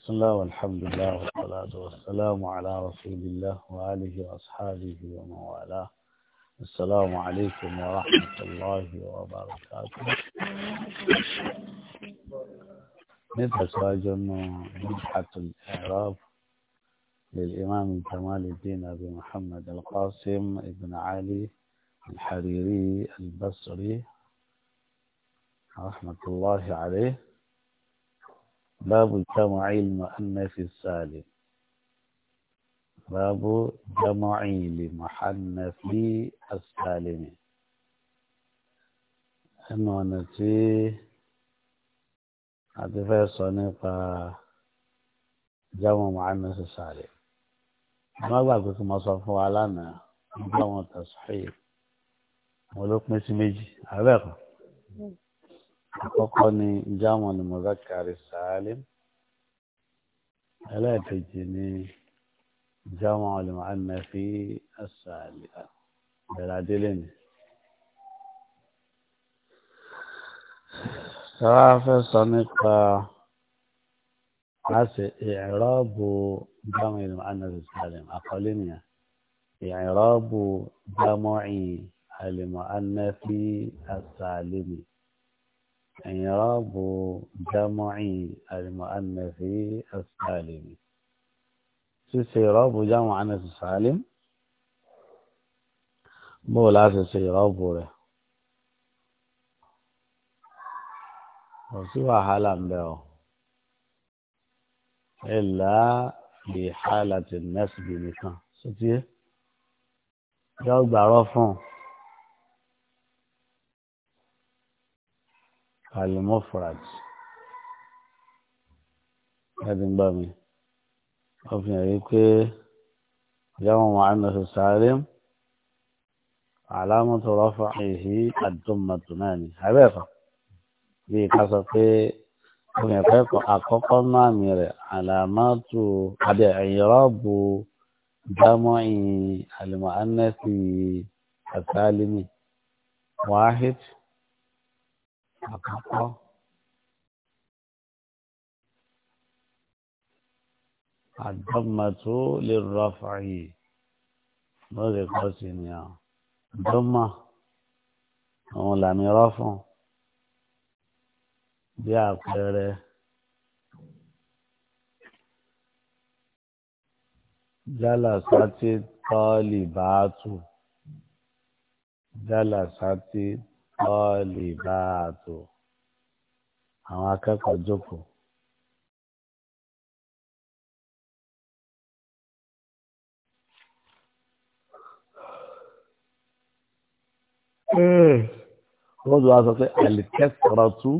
بسم الله والحمد لله والصلاة والسلام على رسول الله وآله وأصحابه ومن والاه السلام عليكم ورحمة الله وبركاته نتسواج مدحة الإعراب للإمام كمال الدين أبي محمد القاسم ابن علي الحريري البصري رحمة الله عليه باب جمع المؤنث السالم باب جمع المحنث السالم ẹnu ọ̀nà tí a ti fẹ́ sọ nípa jáwọn mọ̀ánà sísàlẹ̀ má gbàgbé kí mo sọ fún wa lánàá nígbà wọn tẹ̀sán yìí mo ló pín sí méjì àbẹ́ẹ̀kọ́. أقني جامع المذكر السالم ألا تجني جامع المعنفي السالم بلادلين سراف صنقة عسى إعراب جامع المعنف السالم أقلني إعراب جامع المعنفي السالم إعراب جمع المؤنث السالم ṣíṣe ìrọ́bù jáwọn àánẹ́sì sàálìm bó láti ṣe ìrọ́bù rẹ̀ kò sí wàhálà ń bẹ ọ ẹ̀là lè hálà tì nẹ́sìbì nìkan sótìyẹ yọ gbàrọ fún un. alimofraj láti gbà mí wọ́n fi hàn yí pé ìyáwó màánà sàárẹ̀ alámọ̀tò rọ́fà èyí àdúmọ̀tò náà ni abẹ́ẹ̀fà bí ká sọ pé òun ẹ̀kọ́ àkọ́kọ́ náà mi rẹ̀ alámọ̀tò àbí ìrọ́bù dámọ́ ìyìn alimọ̀ anẹ́sì àtàlímì wáhídì àkọ́kọ́. àdọ́mọ̀tò lè rọ fààyè lórí kọ́sì ni à dọ́mà òun làmì rọ́fùn bí àpẹẹrẹ. جلست طالبات جلست ọ̀ọ́lì bá a tó àwọn akẹ́kọ̀ọ́ jókòó. Eh. wọ́n tún wá sọ pé alikẹ́sọ̀rọ̀tú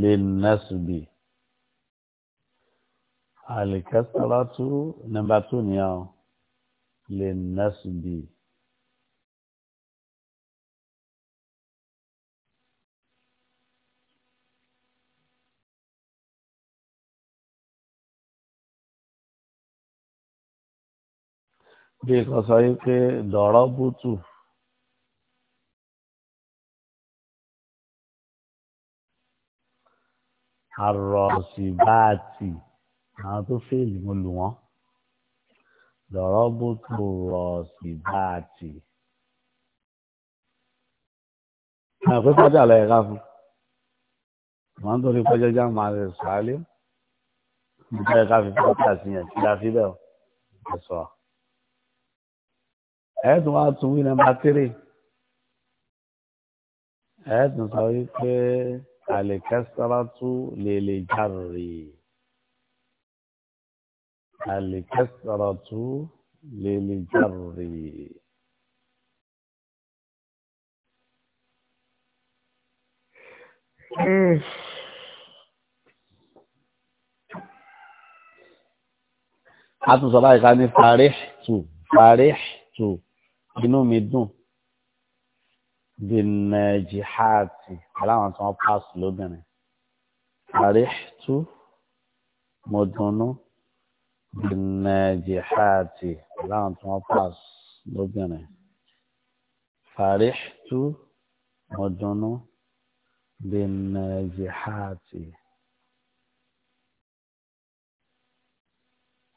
lè nẹ́sùbì alikẹ́sọ̀rọ̀tú nọ́mbà tù nìyẹn lè nẹ́sùbì. bí kan sọ yìí pé dọ̀rọ̀ bùtù àròsì báàtì àwọn tó fèèlì mo lù wọ́n dọ̀rọ̀ bùtù rọ̀sì báàtì. àwọn pé pàdé àlọ́ ẹ̀ka fún wọn nítorí pẹ́jọ́ já máa lè sọ àlẹ́ nígbà ẹ̀ka fi pàdé àti yẹn kí la fi bẹ́ẹ̀ sọ ẹ̀ẹ́dùn wá tún wí nàmbà tírì ẹ̀ẹ́dùn sọ wípé àlèkẹ́sọ́rọ́tù lè lè jàre àlèkẹ́sọ́rọ́tù lè lè jàre. a tún sọ báyìí ká ní farih tù farih tù inú mi dùn bìnnà jihati aláwọn tí wọn paasi lóbìnrin àríṣtú mo dunnú bìnnà jihati aláwọn tí wọn paasi lóbìnrin àríṣtú mo dunnú bìnnà jihati.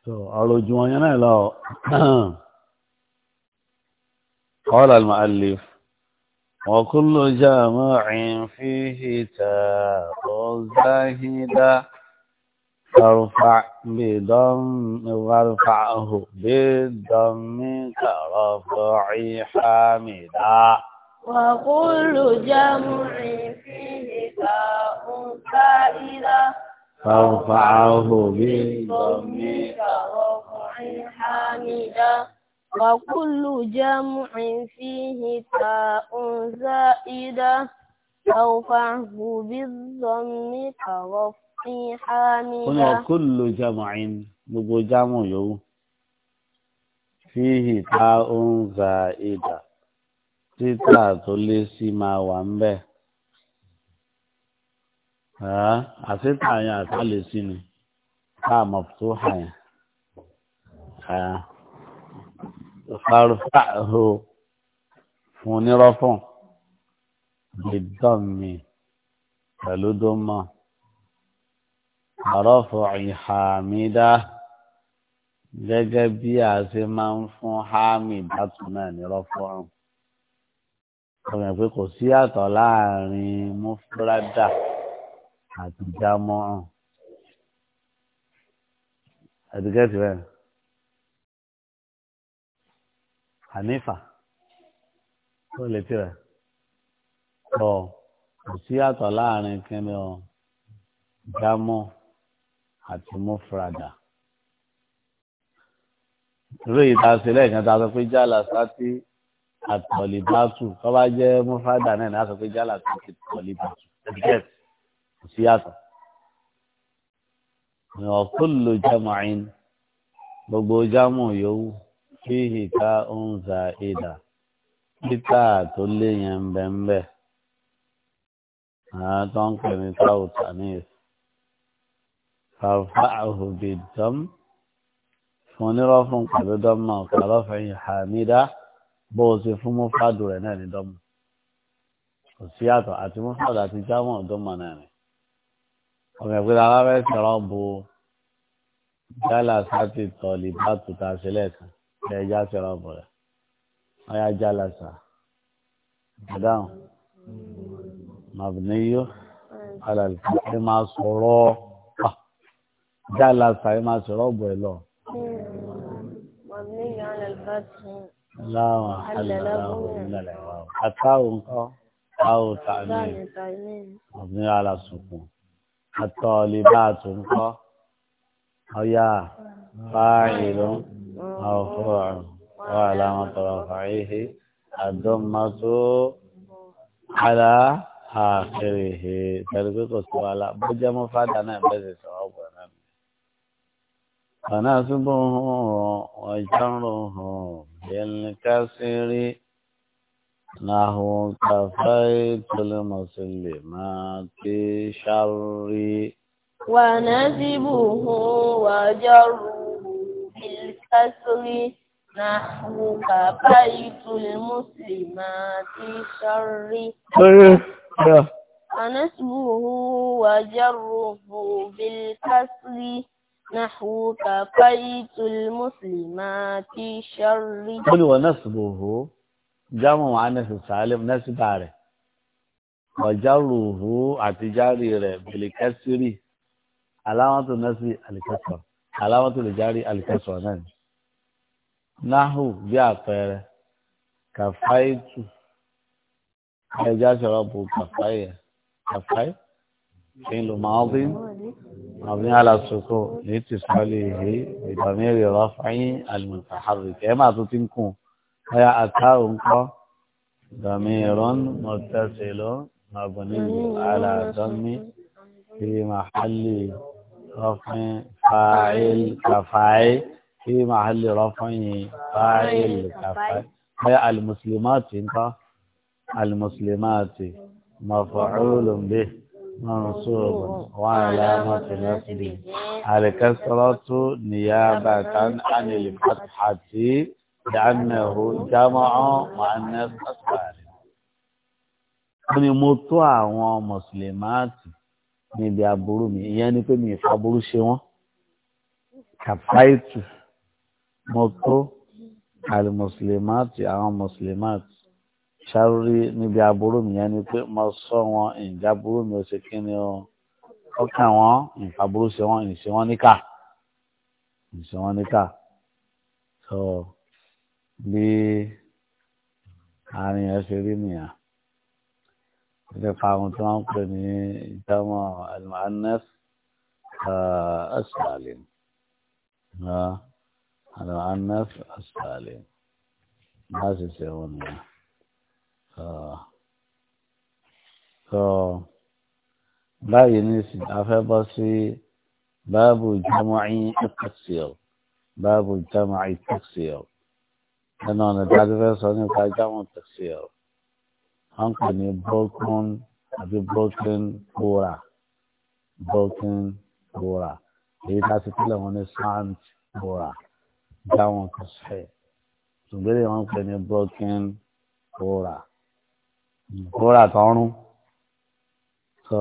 so ọ̀rọ̀ ojú wọn yẹn náà lọ. قال المؤلف وكل جامع فيه تاء زاهدا فارفع بضم وارفعه بالضم كرفع حامدا وكل جمع فيه تاء زاهدا فارفعه بالضم كرفع حامدا وكل جمع فيه تاء زائدة أو فعه بالضم كرفع حاملة وكل جمع gbogbo jámù yòówù fíhì tá ó ń za ìdà títà tó lé sí máa wà ń bẹ àtìtà yẹn àtàlẹ sí ni tá a mọ̀ tó hà yẹn farfa'hu fún nírọ́fọ̀n bidammi pẹ̀lú dọ́mọ̀ àrọ́fọ̀ ìhàmídá gẹ́gẹ́ bí a ṣe máa ń fún hámídá tún náà nírọ́fọ̀n ọmọ ẹ̀ pé kò sí àtọ̀ láàrin mufrada àti jámọ́ àti gẹ́tì hanifa ó lè tirẹ̀ ọ kò sí àtọ̀ láàrin kíni ọ jámọ àti mufrada ìró yìí ta ṣe lẹ́ẹ̀kan ta sọ pé jálà sátì àtọ̀lìbátù tó bá jẹ́ mufrada náà ní a sọ pé jálà sátì àtọ̀lìbátù ẹ̀dẹ́t kò sí àtọ̀ ọ̀kúlù jama'in gbogbo jámọ̀ yòówù fíhì ká ń za ìdà títà tó léyìn ńbẹ́ńbẹ́ àwọn tó ń pè ní táwùtà ní fàfà àhùbì dọ́m fún onírọ́fún pẹ̀lú dọ́mà ọ̀kàlọ́fẹ̀ ìhàmídá bó o ṣe fún mufadu rẹ̀ náà ní dọ́mà kò sí yàtọ̀ àti mufadu àti jámọ̀ dọ́mà náà ni ọmọ ìpínlẹ̀ alábẹ́sẹ̀ rọ̀ bo jálà sátì tọ̀lì bá tuta sílẹ̀ kan ẹ̀já fẹ́ràn bọ̀ rẹ̀ ọ̀yá jálásà dáhùn màbùníyó alàlùfẹ́ ẹ máa sọ̀rọ̀ jálásà ẹ máa sọ̀rọ̀ bọ̀ ẹ lọ. màbùníyó alàlùfẹ́ tún. láwọn alàlùfẹ́ ńlẹ̀ wà ó àtàwọn nǹkan àwọn tàmí màbùníyó alàsùnkùn àtọ̀ọ̀lì bá a tún kọ́ ọ̀yá fáìlú. مرفوع وعلامة رفعه الضمة على آخره تربيط السؤال بج مفاد أنا بس سواب فنسبه وجره بالكسر نحو كفيت المسلمات شري ونسبه وجره الكسر نحوك بيت المسلمات شر ونسبه وجره بالكسر نحو بيت المسلمات شر قل ونسبه جمع عن سالم نسب عليه وجره اعتجاري بالكسر علامة النسب الكسر علامة الجاري الكسر نعم náhù bí àpẹẹrẹ kàfáì tù ẹja sọ̀rọ̀ bù kàfáì yẹ kàfáì kí n lò máa bí àbí alásùkò ní ti sọ́ọ́lì yìí ìdàmẹ́rì ọ̀rọ̀ fáyín àlùmọ̀tàhàrìkì ẹ̀ máa tún ti ń kùn ọ̀yà àtàrò ńkọ́ ìdàmẹ́rọ̀ mọ̀tẹ́sẹ̀lọ́ مبني على ضم في محل رفع فاعل كفاعل في محل رفع فاعل كفاية هي المسلمات انت المسلمات مفعول به منصوب وعلامة نصبه الكسرة نيابة عن الفتحة لأنه جمع مؤنث السالم ni mo مسلمات نبي mùsùlùmáàtì يعني كم mi ìyẹn كفايت mo tó alimuslimati àwọn muslimati ṣárúrí níbi aburú mi yẹn ni pé mo sọ wọn ìjà aburú mi ò ṣe kí ni o ọkàn wọn ìfàburú ṣe wọn ìṣe wọn níkà ìṣe wọn níkà so bí àárín yẹn ṣe rí nìyà nípa àwọn tí wọn ń pè ní ìjọmọ alimuhannes ẹsẹ àlè. على الناس السالم ما سيسيون اه اه báyìí nísìnyí a fẹ́ bọ́ sí báàbù jámọ́ì ìtàkṣìl báàbù jámọ́ì ìtàkṣìl ẹnu ọ̀nà tí a ti fẹ́ sọ nípa jámọ́ ìtàkṣìl wọ́n ń pè ní broken àti broken kóra broken kóra èyí tá a wọn ní sant kóra dáwọn kò sẹ́ ṣùgbọ́n èyí wọ́n pè ní broken bora bora tọrún sọ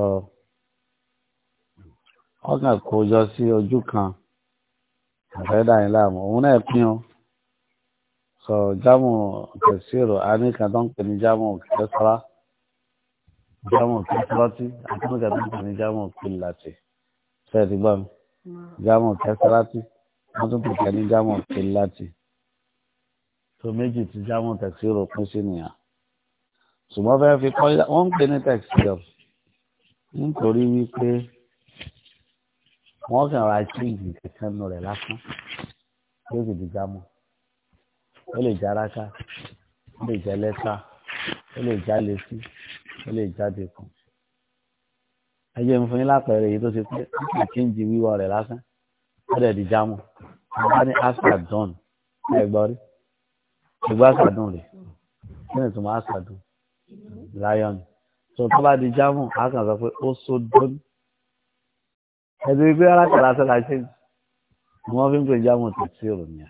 ọkàn kò jọ sí ojú kan àfẹ́dá yín láàmú òun náà pín o sọ jámù tẹ̀síìrò àníkàn tó ń pè ní jámù kẹsàrá jámù kẹsàrátì àtúnkàn tó ń pè ní jámù kìlàtì fẹ́ẹ̀ ti gbọ́ mi jámù kẹsàrátì wọ́n tún pèsè ní jámọ̀ pé láti tó méjì tí jámọ̀ tẹ̀sí rò pín sí nìyà ṣùgbọ́n fẹ́ fi kọ́ wọ́n ń pè ní tẹ̀sí ọ̀ nítorí wípé wọ́n kàn ra chíìgì kankan nù rẹ̀ lásán yóò sì di jámọ̀ ó lè já ráká ó lè já lẹ́sà ó lè já létí ó lè jáde kan ẹ jẹ́ n fún yín lápẹẹrẹ èyí tó ṣe pé wọ́n kàn chíìgì wíwọ rẹ̀ lásán ọ̀dẹ̀ di jámù ọba ní asadun ẹgbọ́ rí ẹgbọ́ asadun rẹ̀ kí ni ìtumọ̀ asadun lion tó tó bá di jámù a kàn sọ pé ó so dún ẹbí gbé alákàlà sọlá ṣe ni wọ́n fi ń pè jámù tó sí òròmìà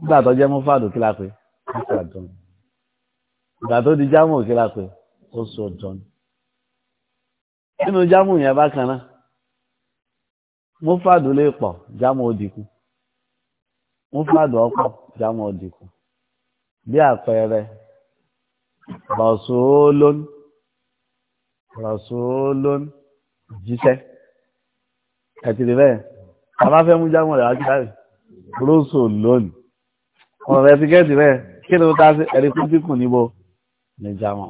nígbà tó jẹ́ mú fàdù kí la pé asadun ìgbà tó di jámù kí la pé ó so dún nínú jámù yẹn bákan náà mufradu lè pọ̀ jámọ́ òdìkú mufradu ọ̀pọ̀ jámọ́ òdìkú bí àpẹẹrẹ rọ̀sọ́ọ́lón rọ̀sọ́ọ́lón jíṣẹ́ ẹ̀tìrì bẹ́ẹ̀ bàbá fẹ́ mú jámọ́ rẹ̀ ákíkárì rọ́sọ́ọ́lón ọ̀rọ̀ rẹ̀ ti gẹ́ẹ̀tì bẹ́ẹ̀ kí ni ó ká sí ẹ̀rí fún dínkù níbo ní jámọ́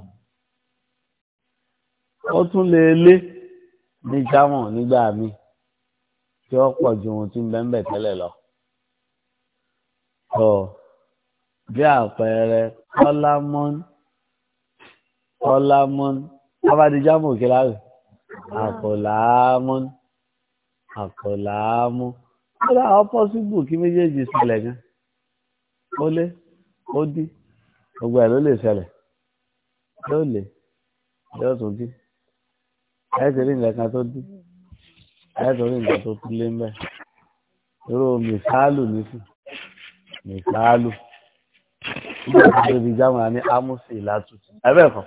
ó tún lè lé ní jámọ́ nígbà míì tí ó pọ̀ ju ohun tí ń bẹ ń bẹ tẹ́lẹ̀ lọ. tó bí àpẹẹrẹ kọ́lámọ́n kọ́lámọ́n abadijámù kíláàrù àkọ́lámọ́n àkọ́lámọ́ kódà ọ́pọ́síbù kí méjèèjì ṣẹlẹ̀ gan ó lé ó dí gbogbo ẹ̀ ló lè ṣẹlẹ̀ yóò lè yóò tún dí ẹ̀ tẹ̀lé nǹkan tó dí ẹ̀ẹ́dọ̀rí nǹkan tó kú lé mẹ́ irú mìsáàlù nísì mìsáàlù nígbà tó ti jámọ̀ ní ámúsì ìlàtú ẹ̀bẹ̀kọ̀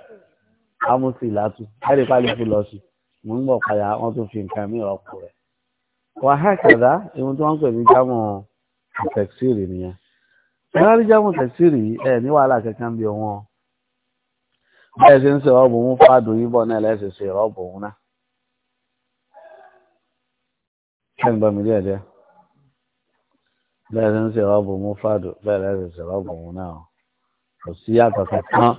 ámúsì ìlàtú ẹ̀rí pálífù lọ sí mò ń bọ̀ padà wọ́n tún fi nǹkan mí ọ̀pọ̀ rẹ̀ wà á kẹ̀dá ihun tí wọ́n ń pè ní jámọ̀ tẹ̀síìrì nìyẹn ẹ̀rọ ní jámọ̀ tẹ̀síìrì ẹ̀ ní wàhálà kankan bí wọn bẹ́ẹ̀ ṣe ń ṣe rọ́ọ̀bù mú fáàdù ń gbọ́ mi díẹ̀ díẹ̀ bẹ́ẹ̀ ló ń ṣe rọ́ọ̀bù mú fàdù bẹ́ẹ̀ ló ń ṣe rọ́ọ̀bù mú náà kò sí yàtọ̀ kankan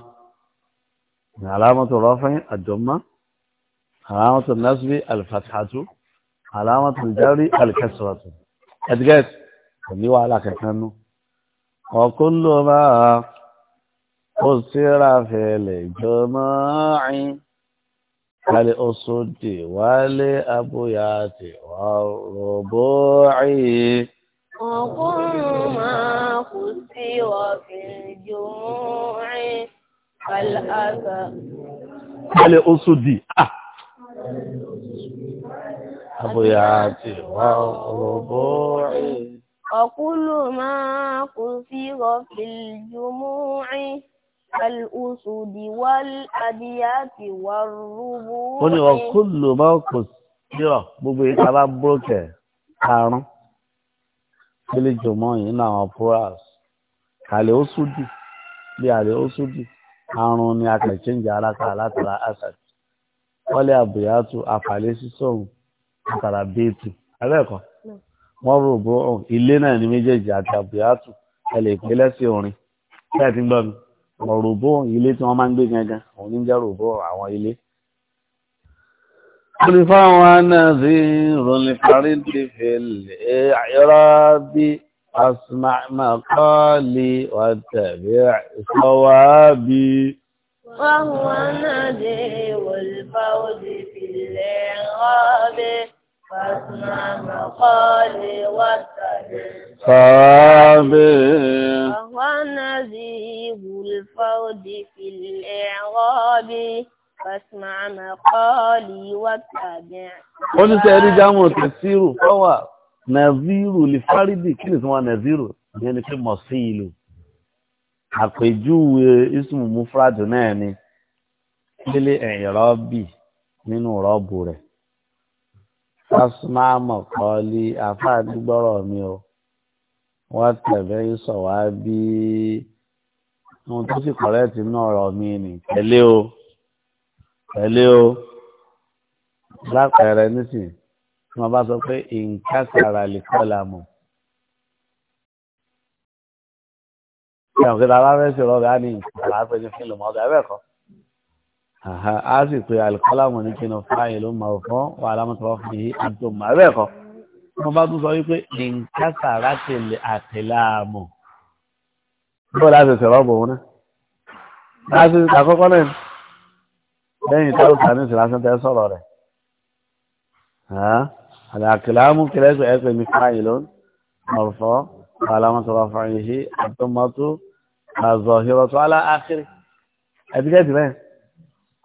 ní alámọ̀tò rọ́fìn àjọmọ́ alámọ̀tò nasbi alifasatu alámọ̀tò jari alikẹsiratu edgate kò ní wàhálà kankan nù ọkùn ló máa ó síra fẹlẹ̀ jọmọ́ àìn. كالأسد والأبيات والربوع وقل ما خسر في الجموع كالأسد كالأسد أبيات والربوع وقل ما خسر في الجموع الأسود والأديات والربوع ó ní وكل ما كسر gbogbo ìta bá búrókẹ̀ karùn-ún fílíjì mọ́ yìí ní àwọn púrás kàlẹ́ ó súdì bí àlẹ́ ó súdì àrùn ni akẹ̀kẹ́ǹjẹ aláta látara asad wọ́n lé àbùyátú àfàlẹ́ sísọ̀hún àtàrà béètù abẹ́ẹ̀kọ́ hmm. wọ́n rò bó ilé náà ní méjèèjì àti àbùyátú ẹ lè pé lẹ́sìn orin bẹ́ẹ̀ ti ń gbọ́ mi ọ̀rọ̀bó ilé tí wọ́n máa ń gbé gangan òun ní jẹ́ ọ̀rọ̀bó àwọn ilé. Kúrì fáwọn anáàzí ìrọ̀lẹ̀ parí ti fèlè ẹ̀rọ bí asmàkọ́lì wà tẹ̀lé ìsọwà bí. Fáwọn anáàzí ìrọ̀lẹ̀ parí ti fèlè ẹ̀rọ bí. فاسمع مقالي واتبع صابي وهو نزيه الفرد في الإعراب فاسمع مقالي واتبع ó ní sẹ́ẹ̀rí jámọ̀ tẹ̀síìrù fọ́wà nàzírù lè fárídì kí ni sọ́wọ́ nàzírù ní ẹni pé mọ̀sí ìlú àpèjúwe ismu mufradu náà ni kílé ẹ̀yìn rọ́bì nínú rọ́bù rẹ̀ asumamọ kọọlì àfáàdì gbọ́rọ̀ mi o wọ́n tẹ̀lé sọ wá bí ohun tó sì kọ̀rẹ́ẹ̀tì nínú ọ̀rọ̀ mi nì tẹ̀lé o tẹ̀lé o lápẹẹrẹ nísìnyí tí wọ́n bá sọ pé nǹkan kàrà lè kọ́ la mọ̀. ìyàwó kí ta bá fẹ́ ṣe rọ́ọ̀gá ní nǹkan kàrà pé ní fílùmù ọ̀gá ẹ̀ bẹ́ẹ̀ kọ́ a sì pé alikọ́lámù ní kí ni fáyìn ló máa fọ́ wà lámọ́tò wọ́n fi àdó mà bẹ́ẹ̀ kọ́ wọ́n bá tún sọ wípé nǹkan sàrà tẹ̀lé àtẹ̀láàmù bó láti sọ̀rọ̀ bò wọn náà láti àkọ́kọ́ náà lẹ́yìn táwọn sàní sì lásán tẹ́ sọ̀rọ̀ rẹ̀ àtẹ̀láàmù kìlẹ̀ ẹ̀kọ́ ẹ̀kọ́ ní fáyìn ló máa fọ́ wà lámọ́tò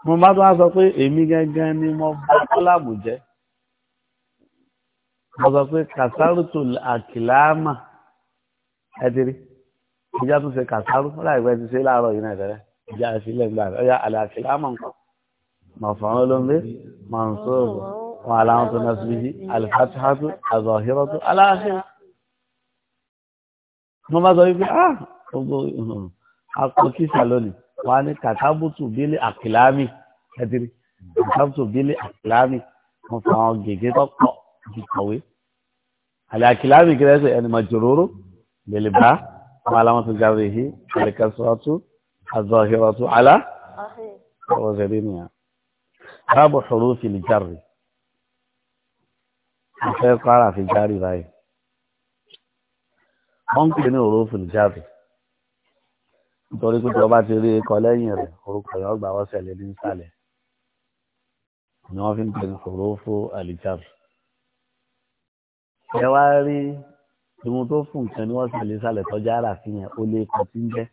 mo bá tó wá sọ pé èmi gangan ni mo bá kọ́làbù jẹ́ mo sọ pé kàsárùtù àkìláàmà ẹ̀dìrí ìjà tó ṣe kàsárù láìpẹ́ ti ṣe láàárọ̀ yìí náà tẹ́lẹ̀ ìjà ìfilẹ̀ gbà ọ̀yà àlẹ́ àkìláàmà nǹkan mọ̀fọ́n olóńgbé mọ̀nsóòbù wọn aláwọn tó náà síbi yìí alifásihátù àzọ̀hírọ́tù aláàfin mo bá sọ wípé ah gbogbo hmm, akọ lónìí wà ní kàtàbùtù bílé àkìlámì ẹdìrí kàtàbùtù bílé àkìlámì wọn fà wọn gègé tó pọ̀ ju kọ̀wé àlẹ àkìlámì kìlẹ ẹsẹ ẹni mà jòróró lèlè bá wọn aláwọn tó jáde yìí àlẹ kẹsàtú àzọhìrọtú àlá ọwọ zẹrí nìyà báàbò xòrò fìlì járì wọn fẹẹ kọ ara fi járì báyìí wọn kìlẹ ní òrò fìlì járì nítorí pé tí wọ́n bá ti rí ikọ̀ lẹ́yìn rẹ̀ orúkọ yẹn ọgbà wọ́n sẹ̀lẹ̀ ní sàlẹ̀ ni wọ́n fi ń pè ní hurufu al-jar ẹ wá rí ìwọ̀n tó fún nǹkan ni wọ́n sẹ̀lẹ̀ sàlẹ̀ tọ́jú ara fi yẹn ó lé ikọ̀ tí ń jẹ́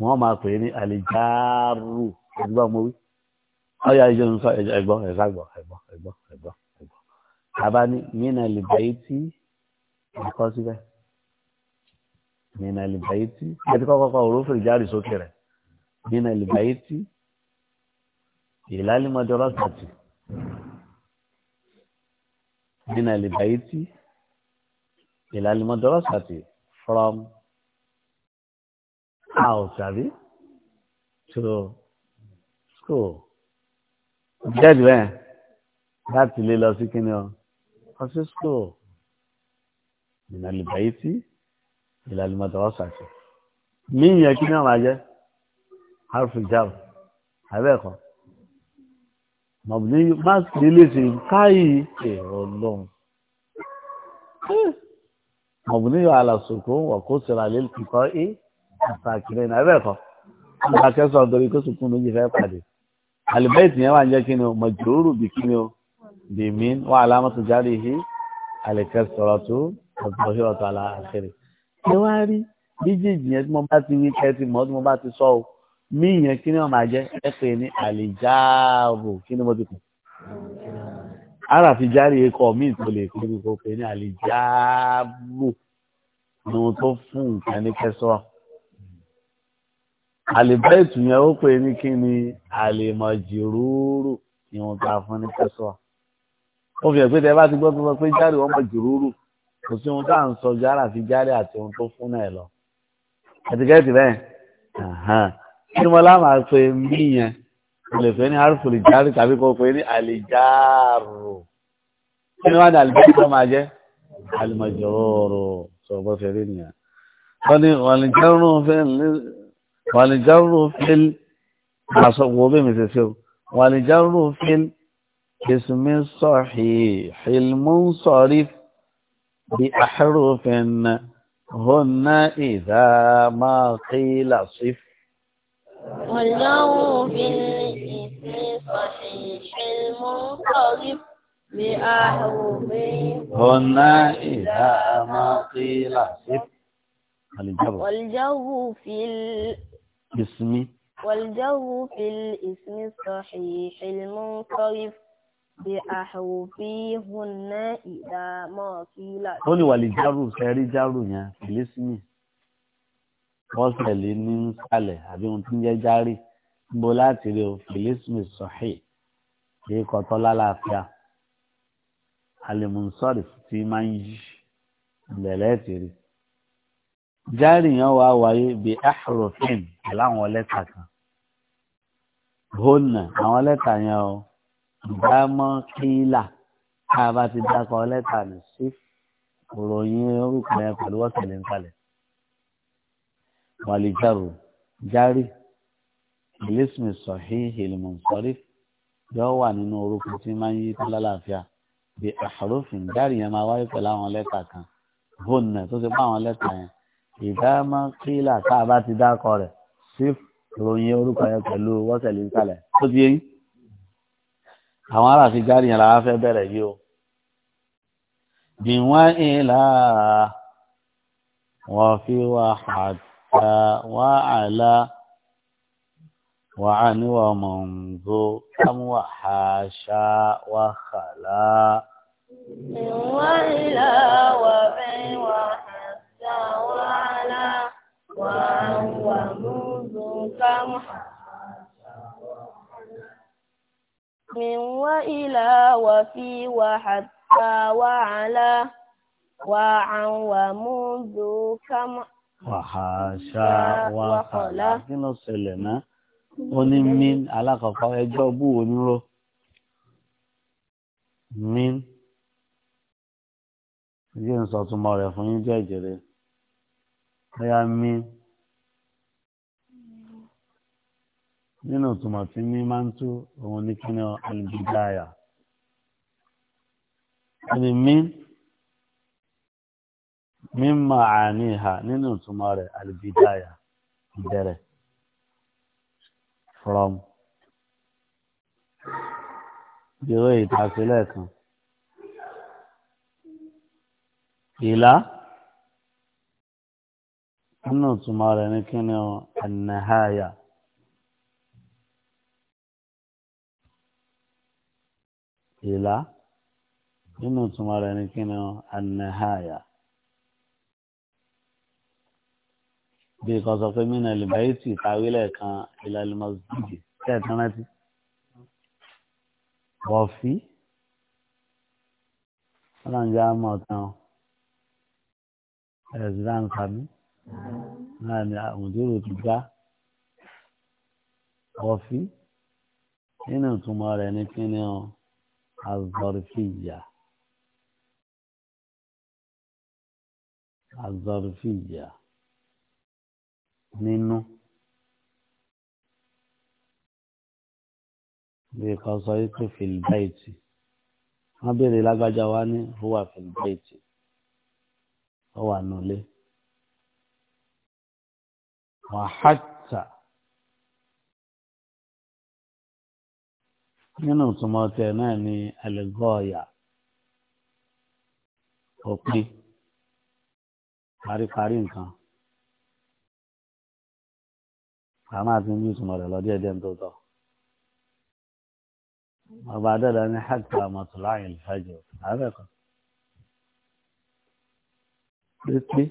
wọ́n máa pè é ní al-jaru ẹgbọ́n mo wí ọ̀yà ìjọ ń sọ ẹgbọ́n ẹ̀sàgbọ́n ẹgbọ́n ẹgbọ́n ẹgbọ́n ẹgbọ́n tàbá ní mí nínú ẹlìbáyétí ẹtí kọ́kọ́ pa òrófò ìjárì sókè rẹ̀ nínú ẹlìbáyétí ìlálímọ̀jọ lọ́sàtì nínú ẹlìbáyétí ìlálímọ̀jọ lọ́sàtì from house àbí to school jẹ́ẹ̀dì way, that's lé lọ sí kíni ọ lọ sí school nínú ẹlìbáyétí ìlàlí madrasati mí yẹn kí náà máa jẹ́ harfi jar abẹ́ẹ̀kọ́ mọ̀bùnú máa sì lè ṣe káyì èrò lọ́hùn mọ̀bùnú yóò alàsòkò wọ̀ kó sọ̀rọ̀ àlè kíkọ́ é àtàkìrẹ́ náà abẹ́ẹ̀kọ́ nígbà kẹsàn án torí kó sùkún méjì fẹ́ pàdé àlùbẹ́ẹ̀tì yẹn wà ń jẹ́ kí ni o mọ̀jòrò bí kí ni o bèmí wà alámọ̀tò jáde yìí àlẹ́kẹ́sọ̀rọ̀ tó ọ̀gbọ̀n yóò tọ́ àlà ẹ wá rí méjèèjì yẹn tí mo bá ti wí kẹ́ ti mọ̀ tí mo bá ti sọ o mí yẹn kí ni wọ́n máa jẹ́ ẹ pè ní àlìjáàbò kí ni mo ti pè ara fi járe ikọ̀ míì tó lè kó kó pè ní àlìjáàbò ni mo tó fún nǹkan ní kẹsàn-án àlìbẹ́ẹ̀tù ó pè ní kí ni àlìmọ̀jìrúurù ni mo ta fún ní kẹsàn ó fi hàn pé tẹ bá ti gbọ́ pé járe wọ́n mọ̀ kò sí ohun tá à ń sọ ju ara fi járe àti ohun tó fún náà lọ ẹtìkẹ́tì bẹ́ẹ̀ kí mo lámà pé mí yẹn mo lè fẹ́ ní arúfò lè járe tàbí kó pé ní àlèjáàrò kí ni wọ́n ní àlèjáàrò tó máa jẹ́ àlèmọ̀jọ́rò sọ bó fẹ́ rí nìyẹn wọ́n ní wàlìjárò fẹ́ àṣọ wo bẹ́ẹ̀ mi ṣe ṣe o wàlìjárò fẹ́ ismi sahih ilmu sarif. بأحرف هن إذا ما قيل صف ولو بالإثم صحيح المنقلب بأحرف هن إذا ما قيل صف والجو في الاسم والجو في الاسم الصحيح المنصرف bí àhùfí hunná ìdámọ́ fílà. ó ní wàlí járù fẹ́rí járù yẹn fìlísìmì bọ́sẹ̀lì ní sàlẹ̀ àbí ohun tí ń jẹ́ járì níbo láti rí o fìlísìmì sọ̀hì kì í kọ́tọ́ lálàáfíà alimusọ́rì tí máa ń yí ìbẹ̀lẹ̀ tèrè járì yẹn wà wáyé bí ahrofin láwọn lẹ́tà kan hona àwọn lẹ́tà yẹn o ìdámọ́ kíílà tá a bá ti dákọ̀ lẹ́tà ní sí ìròyìn orúkọ yẹn pẹ̀lú ọ̀sẹ̀lẹ̀ ńkàlẹ̀. wàlìjàrò járì ìlísìmì sọ̀hí ìlmọ̀nsọ́rí yóò wà nínú orúkọ tí máa ń yí tó lálàáfíà bí àròfin járì yẹn máa wáyé pẹ̀lú àwọn lẹ́tà kan hónà tó ti bá àwọn lẹ́tà yẹn ìdámọ́ kíílà tá a bá ti dákọ̀ rẹ̀ sí ìròyìn orúkọ yẹn pẹ̀lú ọ̀sẹ̀lẹ̀ ńkàlẹ̀ tó ti yẹ yín àwọn aráàfin jáde yẹn làwọn fẹ́ bẹ̀rẹ̀ yìí o bìwọ́n ìlà wọ́n fi wà àtà wà àlà wà àníwà mọ̀ǹgó kámúwà àṣà wà kàlà. bìwọ́n ìlà wà. وإلى وفي وحتى وعلى وعن ومنذ كم وحاشا وخلا kí ló ṣẹlẹ̀ náà ó ní min alákọ̀ọ́kọ́ ẹjọ́ bú oníró min yíò ń sọ túnmọ̀ rẹ̀ fún yín jẹ́ ìjẹ́rẹ́ ẹ̀yà min. nínú ìtumọ̀ tí ní máa ń tú òun ní kí ní alìbìdáyà ẹni mí mí máa àníhà nínú ìtumọ̀ rẹ̀ alìbìdáyà ìbẹ̀rẹ̀ from ìró ìtàsílẹ̀ kan ìlà nínú ìtumọ̀ rẹ̀ ní kí ní ẹnìhàyà. ìlà nínú ìtumọ̀ rẹ̀ ní kí ni anahaya bí kan sọ pé mina libaiti tàwí lẹ́ẹ̀kan ìlà limasidi kẹ́ẹ̀kan rántí wọ́fí ọlọ́njẹ́ àmọ́ tán ẹ̀sìdán sami náà ni àmùdúró ti gbá wọ́fí nínú ìtumọ̀ rẹ̀ ní kí ni الظرفية الظرفية nínú bí kan sọ wípé filibaiti wọn béèrè lágbájá wa ní huwa filibaiti ó wà nulẹ wàhálà. nínú ìtumọ̀ tẹ̀ náà ni àlẹ́gọ́ọ̀yà òpin paríparí nǹkan a máa ti ń bí ìtumọ̀ rẹ̀ lọ́dí ẹ̀dẹ́ tó tọ́ ọba adẹ́dẹ́ ní hàtà mọ̀tòláyìn ìfẹ́jọ àbẹ̀kọ́ títí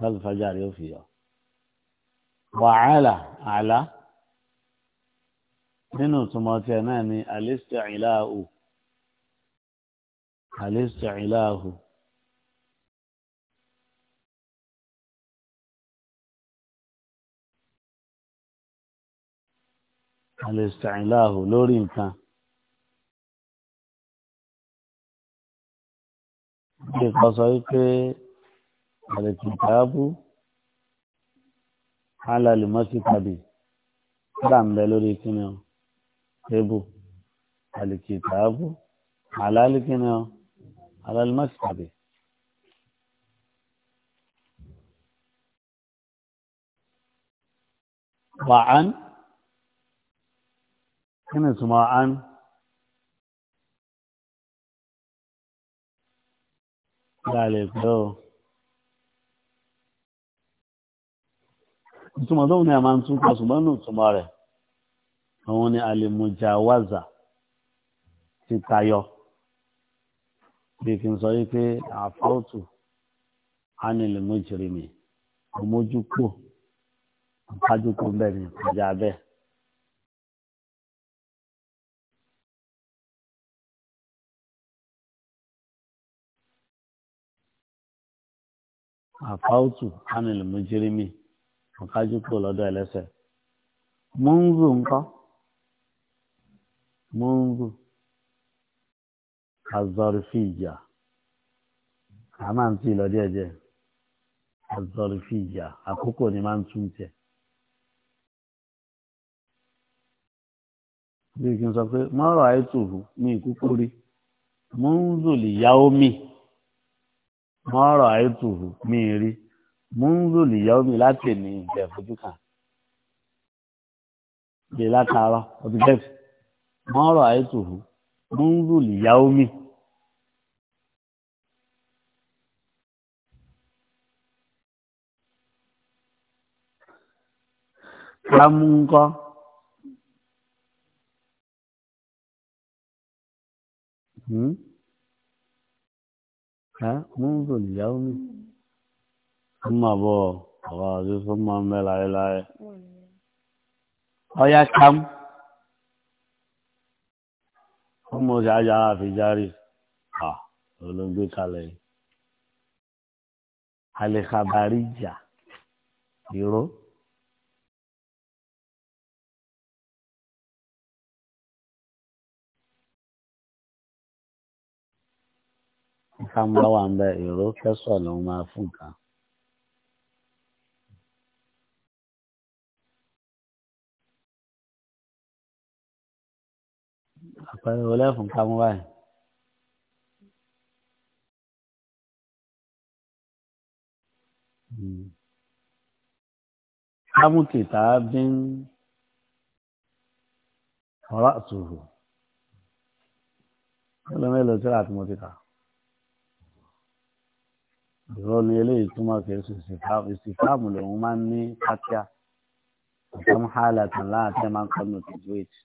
lọ́lùfẹ́jà rẹ̀ ó fi yọ wàhálà àlá nínú ìtumọ̀ tí ẹ̀ náà ni alisti'ilahu alisti'ilahu alisti'ilahu lórí nǹkan bí kan sọ wípé alìkìtàbù alàlùmọ́sítàbì kódà ń bẹ lórí kíni o ebu alikitaabu alalikini o alalimasabi. وعن كنا اسمه عن لا ليه ìtumọ̀ tó ní àwọn ni alimujawaza ti tayọ bí kí n sọ yìí pé àfọ́tù ánìlìmọ́jìrìmì ọmọjúkò ọ̀tájúkò bẹ́ẹ̀ ni ìjà bẹ́ẹ̀. àfáwùtù ánìlìmọ́jìrìmì ọ̀tájúkò lọ́dọ̀ ẹlẹ́sẹ̀. mọ́ńzù ńkọ́ mọ́ńgò azọrìfìjà a máa ń tì lọ díẹ̀díẹ̀ azọrìfìjà àkókò ni máa ń tún tiẹ̀. bí kí n sọ pé mọ́rọ̀ àìtùhù ní ìkúkú rí múnzùlì yaomi mọ́rọ̀ àìtùhù ní rí múnzùlì yaomi láti ní ìjẹ̀fojú kan lè látàárọ̀ ọdún bẹ́ẹ̀ mọ́rọ̀ àìtòhù múndù lìyáómì lámúńkọ múndù lìyáómì ọmọ àbọ̀ ọ̀rọ̀ àti sọ́mọ́ mẹ́láyéláyé ọ̀yá kam ọmọ ṣe ayára fi járe à olóńgbé kalẹ̀ yìí. alẹ́kàbárí jà ìró. ká ń bá wà ń bẹ ìró kẹsàn ló máa fún nǹkan. àpẹẹrẹ wọlé fún hmm. kámú báyìí. kámú kìtà bí ń ọ̀rọ̀ àtúrò mélòó mélòó tí láti mo ìrọ̀ ni eléyìí túmọ̀ kì í ṣe ìsìkáàmù lòun máa ń ní pátíà àtàmúhálà tàn láàtẹ̀ máa ń kọ́ nù tìjú èjì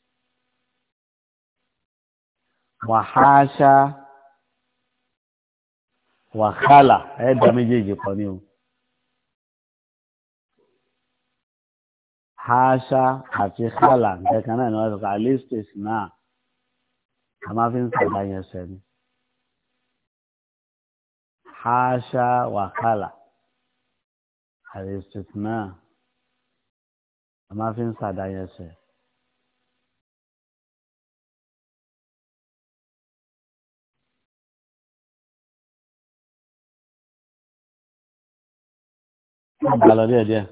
wàháṣá wàhálà ẹ̀dá méjèèjì kan ní o háṣá àti hálà nǹkan náà ni wọ́n sọ pé alistair náà a máa fi ń sàdá yẹn sẹ́ni háṣá wàhálà alistair náà a máa fi ń sàdá yẹn sẹ́ni. balọ̀ díẹ̀ díẹ̀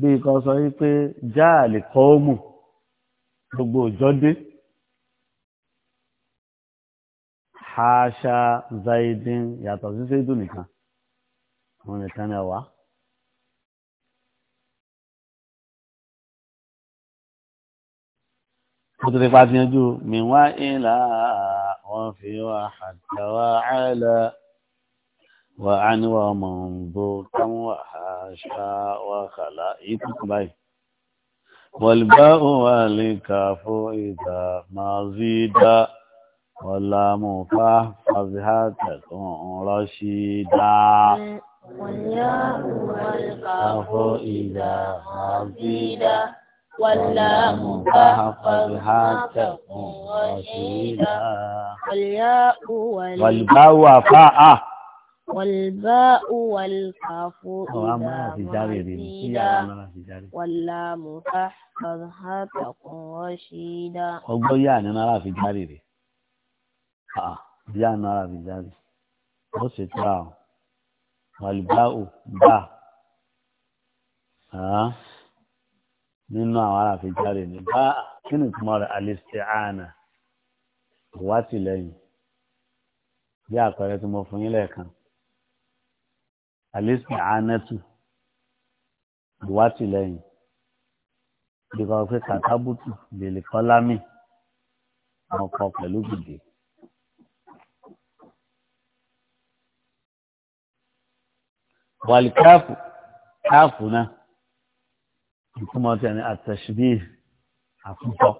bí kan sọ wípé jáàlì kọ́ọ̀mù gbogbo òjọ́ dé haṣa zaidin yàtọ̀ sí sẹ́dù nìkan wọn nìkan ni ọ̀wá. mo ti rí pa ti yanjú mi wá ìlà wọn fi wá àtàwà àlà. وعن ومنظور كم وحاشا وخلائق بي والباء والكاف إذا ما زيدا واللام فاحفظها تكون رشيدا والياء والكاف إذا ما زيدا واللام فاحفظها تكون رشيدا والياء والباء فاء والباء والكاف إذا مزيدا واللام تحفظها تكون رشيدا ọgbọ́n yá ni náírà fi járe rè yá ni náírà fi járe ó sì tura ọ wàlúbáwò bá nínú àwọn ará fi járe ni bá kí ni tí mo rẹ alẹ́sẹ̀ àánà wá tìlẹ́yìn bí àpẹẹrẹ tí mo fún yín lẹ́ẹ̀kan àlésì àánẹ́tù ìwátìlẹ́yìn ìgbà pé kàtàbùtù lèlè kọ́lámì wọn kọ pẹ̀lú gidi. wàlìkáàfù káàfù náà ìtumọ̀ tí a ní àtẹ̀síbí àfúntọ́.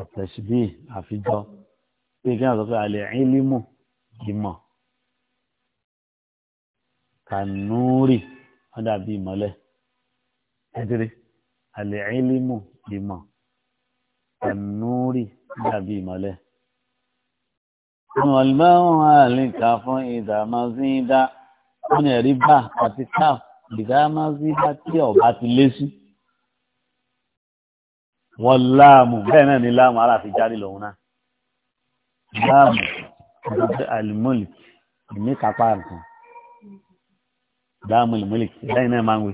àtẹ̀síbí àfijọ́ bí kí wọ́n sọ pé àlẹ́ ìlímù ìmọ̀ kànúrì wọ́n dàbí ìmọ̀lẹ̀ ẹ̀dẹ̀rẹ̀ àlẹ́ ìlímù ìmọ̀ kànúrì dàbí ìmọ̀lẹ̀. wọ́n lọ́ wọn àlìkà fún ìdàmásídá wọ́n ní ẹ̀rí bá àti káf ìdàmásídá tí ọ̀bá ti lé sí wọ́n láàmù bẹ́ẹ̀ náà ni láàmù aláàfin jáde lòun náà dáàbò àti alimọ́lìk ní kápá nǹkan dáàmú alimọ́lìk lẹ́yìn náà máa ń wé.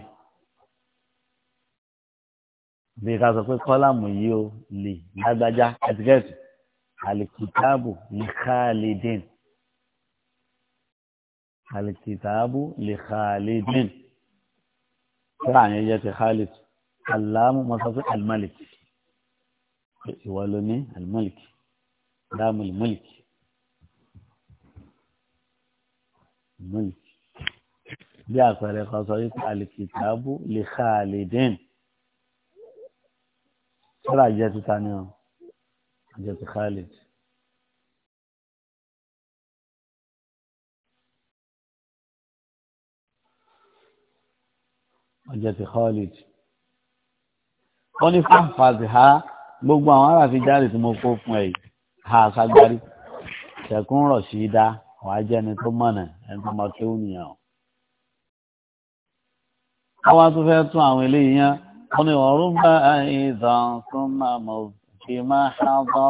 bí ká sọ pé kọ́lámù yìí ó lè lágbájá ẹ̀tíkẹ́tì alikitaabu likhalidin alikitaabu likhalidin kíra àyẹn jẹ́ ti khalid aláàmú mọ́sáfí alimọ́lìk ìwà lóní alimọ́lìk. لام الملك ملك bí àpẹẹrẹ kan sọ wípé alikitaabu lè ka àlèdèn sọ́ra jẹ́ títa ni ọ jẹ́ ti Khalid. ọjọ́ ti Khalid wọ́n ní fáfáàzì ha gbogbo àwọn aráàfin jáde tí mo kó fún ẹ yìí ha sagbari ṣẹkùn rọ sí i dá wàá jẹ ẹni tó mọ̀nà ẹni tó mọ kéwù nìyẹn o. àwọn tó fẹ́ tún àwọn eléyìí yẹn wọ́n ní ọ̀rùn bá ìdán tún máa mọ̀ fi máa ṣáàbọ̀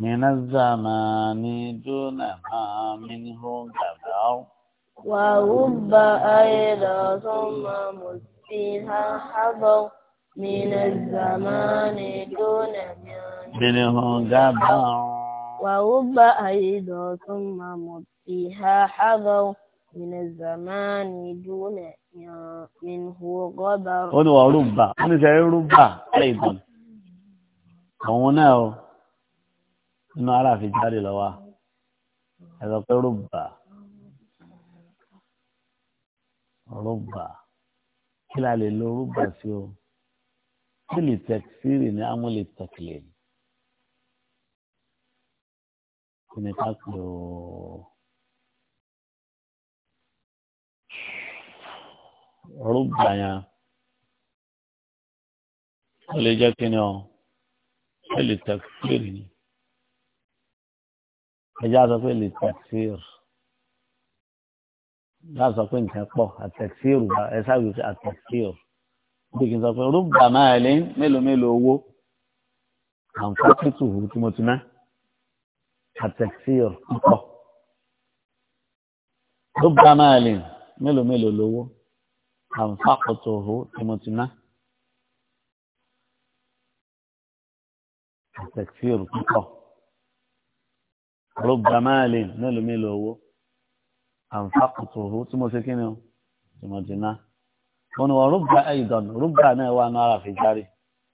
mìíràn zàmánì dúnà máa mìíràn gàdá. wàá rúbà ayélujára tún máa mọ̀ fi máa ṣáàbọ̀. من الزمان دون منه جبر وهب أيضا ثم مبتها حذر من الزمان دون منه غبر ó ní wà rúbà ó ní sẹ́rí rúbà ẹ̀ẹ́dùn òun náà ó inú ara fi jáde lọ́wọ́ ẹ̀sọ́ pé rúbà rúbà kí la lè lo rúbà sí o kúlì tẹ̀síìrì ní amúlì tẹ̀kìlì kí ni ká pè ó. rúgbà yẹn ó lè jẹ́ kí ni ọ pé lè tẹ̀síìrì ni ẹjá sọ pé lè tẹ̀síìrì láà sọ pé nǹkan pọ̀ àtẹ̀síìrì ẹ sábà àtẹ̀síìrì gbèsè sọ pé rúbà máa lé mélòó mélòó owó àǹfààní tùhù tí mo ti ná àtẹ̀síọ̀ púpọ̀ rúbà máa lé mélòó mélòó lówó àǹfààní tùhù tí mo ti ná àtẹ̀síọ̀ púpọ̀ rúbà máa lé mélòó mélòó owó àǹfààní tùhù tí mo ṣe kí ni o tí mo ti ná wọn wọ rúgbà ẹ̀dọ̀n rúgbà náà wà ní ara fìjáre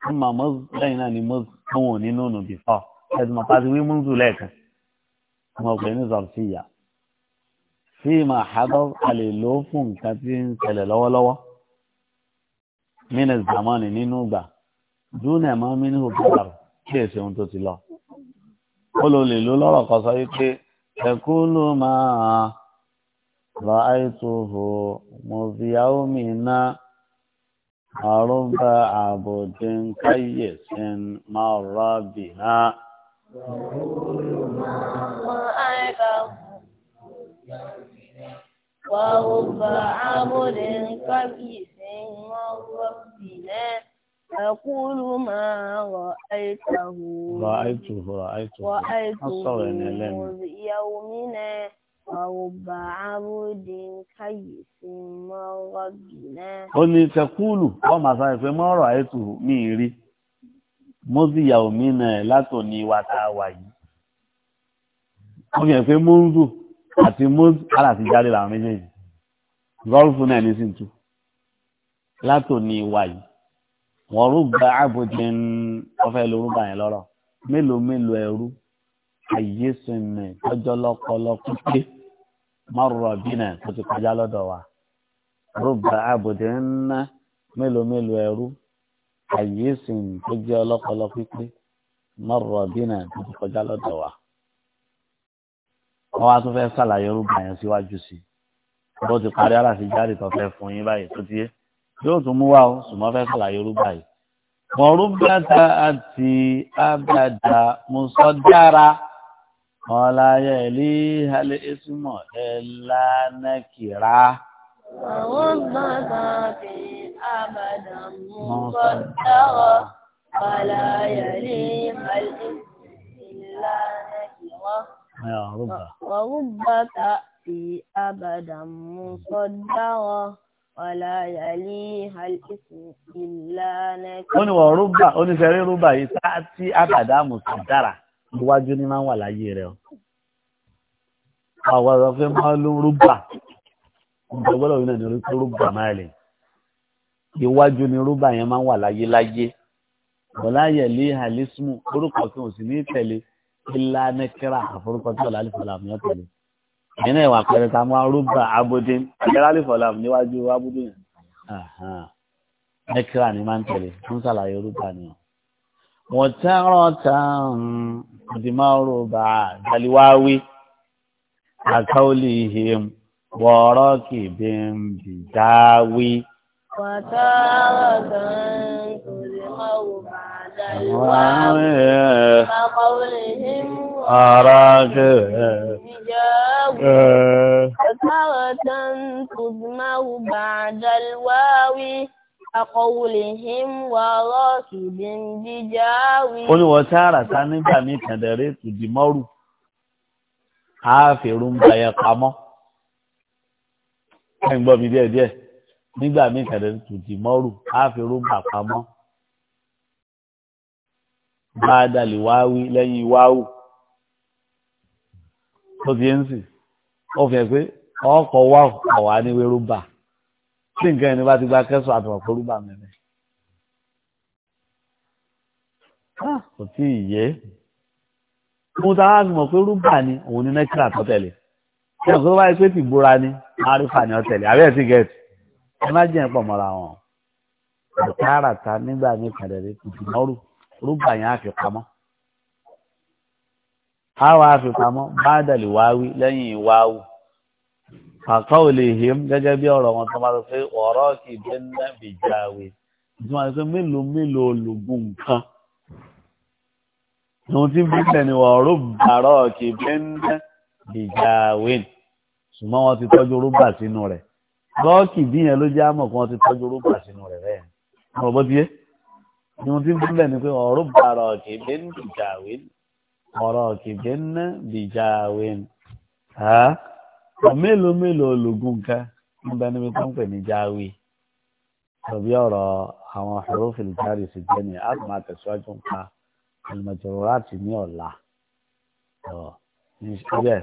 wọn máa mọ́ lẹ́yìn náà ni mọ́ wọn ò ní nínú bìfọ́ ẹ̀dùn mọ̀ pàṣẹ wí mú zù lẹ́ẹ̀kan wọn pè ní zọ̀rọ̀fìyà sí máa hadọ́ a lè lò ó fún nǹkan tí ń ṣẹlẹ̀ lọ́wọ́lọ́wọ́ mínú zamani nínú ìgbà dúnà mọ́ mínú òkúta kí èsì ohun tó ti lọ ó lò lọ́rọ̀ kan sọ wípé ẹ̀kú ló máa رأيته مذ يومنا عرب عبد كيس مر بنا وهو عبد كيس مر بنا أقول ما رأيته رأيته رأيته رأيته يومنا ó ní tẹkúlù wọ́n máa sáré pé mọ́rọ̀ àìtù mi rí mọ́síyà omi náà látòní wa tá a wà yìí wọ́n fi hàn pé mọ́ńdù àti mọ́sí aláàtí jáde làwọn méjèèjì gọ́ọ̀lùfù náà ní sì tú látòní wa yìí wọ́n rúgbà àbòjẹ́ ń ọ̀fẹ́ yẹn lọ́rọ̀ mélòó mélòó ẹrú ayé sinmi tọjọ lọpọlọ pípé márùrọ bínà tó ti kọjá lọ́dọ̀ wa rúbà àbùdé ńná mélòó mélòó ẹrú ayé sinmi tọjọ lọpọlọ pípé márùrọ bínà tó ti kọjá lọ́dọ̀ wa. wọn wá tún fẹ́ ṣàlàyé rúbà yẹn síwájú sí i bó ti parí aláṣẹ jáde tó fẹ́ fún yín báyìí tó ti yé yóò tún mú wa ó ṣùgbọ́n fẹ́ ṣàlàyé rúbà yìí. Mọ̀rúbàtà àti àbàdà mùsọ̀dára ọ̀la ayé ilé alẹ́ ìsúnmọ̀ ẹ̀ lánàkìrá. àwọn bàbá mi àbàdà mú bọ́dáwọ̀ ọ̀la ayé ilé alẹ́ lánàkìrá. ورب تأتي أبدا مصدرا ولا يليها الاسم إلا نكرا. ó ní wọ̀ rúbà ó ní sẹ́rí rúbà yìí tá a ti àbàdà mùsùlùmí dára iwájú ní máa ń wà láyé rẹ̀ o àwọn ọ̀rọ̀ fẹ́ máa ló rúbà ìgbàgbọ́dọ̀ yìí náà ní orúkọ rúbà máa lè iwájú ní rúbà yẹn máa ń wà láyé láyé bọ̀láyẹ̀ lé halismu orúkọ tí òsì ní tẹ̀lé ilá nẹ́kẹ́rà àforúkọ tí ọ̀là àlìfọ̀là mi ọ̀tẹ̀lẹ̀ ẹ̀yìn náà ìwà pẹ̀lẹ́ ta máa rúbà abodin àjẹrà àlìfọ̀là mi níwájú abodin nẹ́kẹ́rà ni máa ń tẹ̀lé ń sàlàyé rúbà nìyẹn. وتارة دماربع بالواوي كقولهم وراكب بداوي وتارة دماربع بالواوي كقولهم وراكب بداوي وتارة تدمر بعد الواوي àkọwulihim wà rọ́ọ̀kìdì jíjà wí. ó ní wọ́n tààrà ta nígbà mí kàndẹ̀rẹ́ tùdí mọ́rù àáfẹ̀rù ń bayẹ pamọ́ ẹ̀ ń gbọ́ mi díẹ̀ díẹ̀ nígbà mí kàndẹ̀rẹ́ tùdí mọ́rù àáfẹ̀rù ń bà pamọ́ bá a dalè wáwí lẹ́yìn wáwù tó ti ń sìn ó fi hàn pé ọkọ̀ wáwù ọ̀wá ní wérúbà tí nǹkan ẹni bá ti gba kẹsàn àtọ̀ kórú bà mẹ́rin. kò tí ì yé mo ta wá mọ̀ pé rúbà ni òun ni nẹ́kìlá tó tẹ̀lé ẹ̀ kó wáyé pé tìbúra ni àrífà ni ó tẹ̀lé àbẹ́ ti gẹ̀ẹ́tì ẹ má jẹ́ pọ̀ mọ́ra wọn àtàràtà nígbà ní ìpàdé rẹ tuntun mọ́rù rúbà yẹn á fi pamọ́ á wàá fi pamọ́ bá dàlí wáwí lẹ́yìn ìwáwù àkọọ́lẹ̀hìm gẹ́gẹ́ bí ọ̀rọ̀ wọn tó máa sọ pé ọ̀rọ̀ kì í bẹ́ ná bìjáwé tí wọ́n sọ mélòó mélòó olùgùn nǹkan ohun tí bíbẹ̀ ni ọ̀rọ̀ bàrọ̀ kì í bẹ́ ná bìjáwé ṣùgbọ́n wọ́n ti tọ́jú rúbà sínú rẹ̀ lọ́ọ̀kì bí yẹn ló jẹ́ àmọ̀ kí wọ́n ti tọ́jú rúbà sínú rẹ̀ bẹ́ẹ̀ ọ̀rọ̀ bó ti yé ohun tí bíbẹ̀ ni pé ọ̀rọ̀ bàrọ̀ kì í bẹ́ ná mélòó mélòó ológun kan ń bẹ níbi tó ń pè ní jáwé tàbí ọ̀rọ̀ àwọn àròfin jáde sí jẹ́ni a máa tẹ̀síwájú ń pa àlùmọ̀jọ̀rọ̀ láti ní ọ̀la níbẹ̀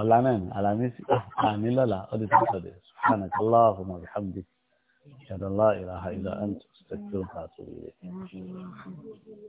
ọ̀la náà ah, ní alamisi àní lọ́la ó di sátọ̀dẹ̀ subhanak allahumma wa bihamdik shadallah ilaha illa anta astaghfiruka wa atubu ilayk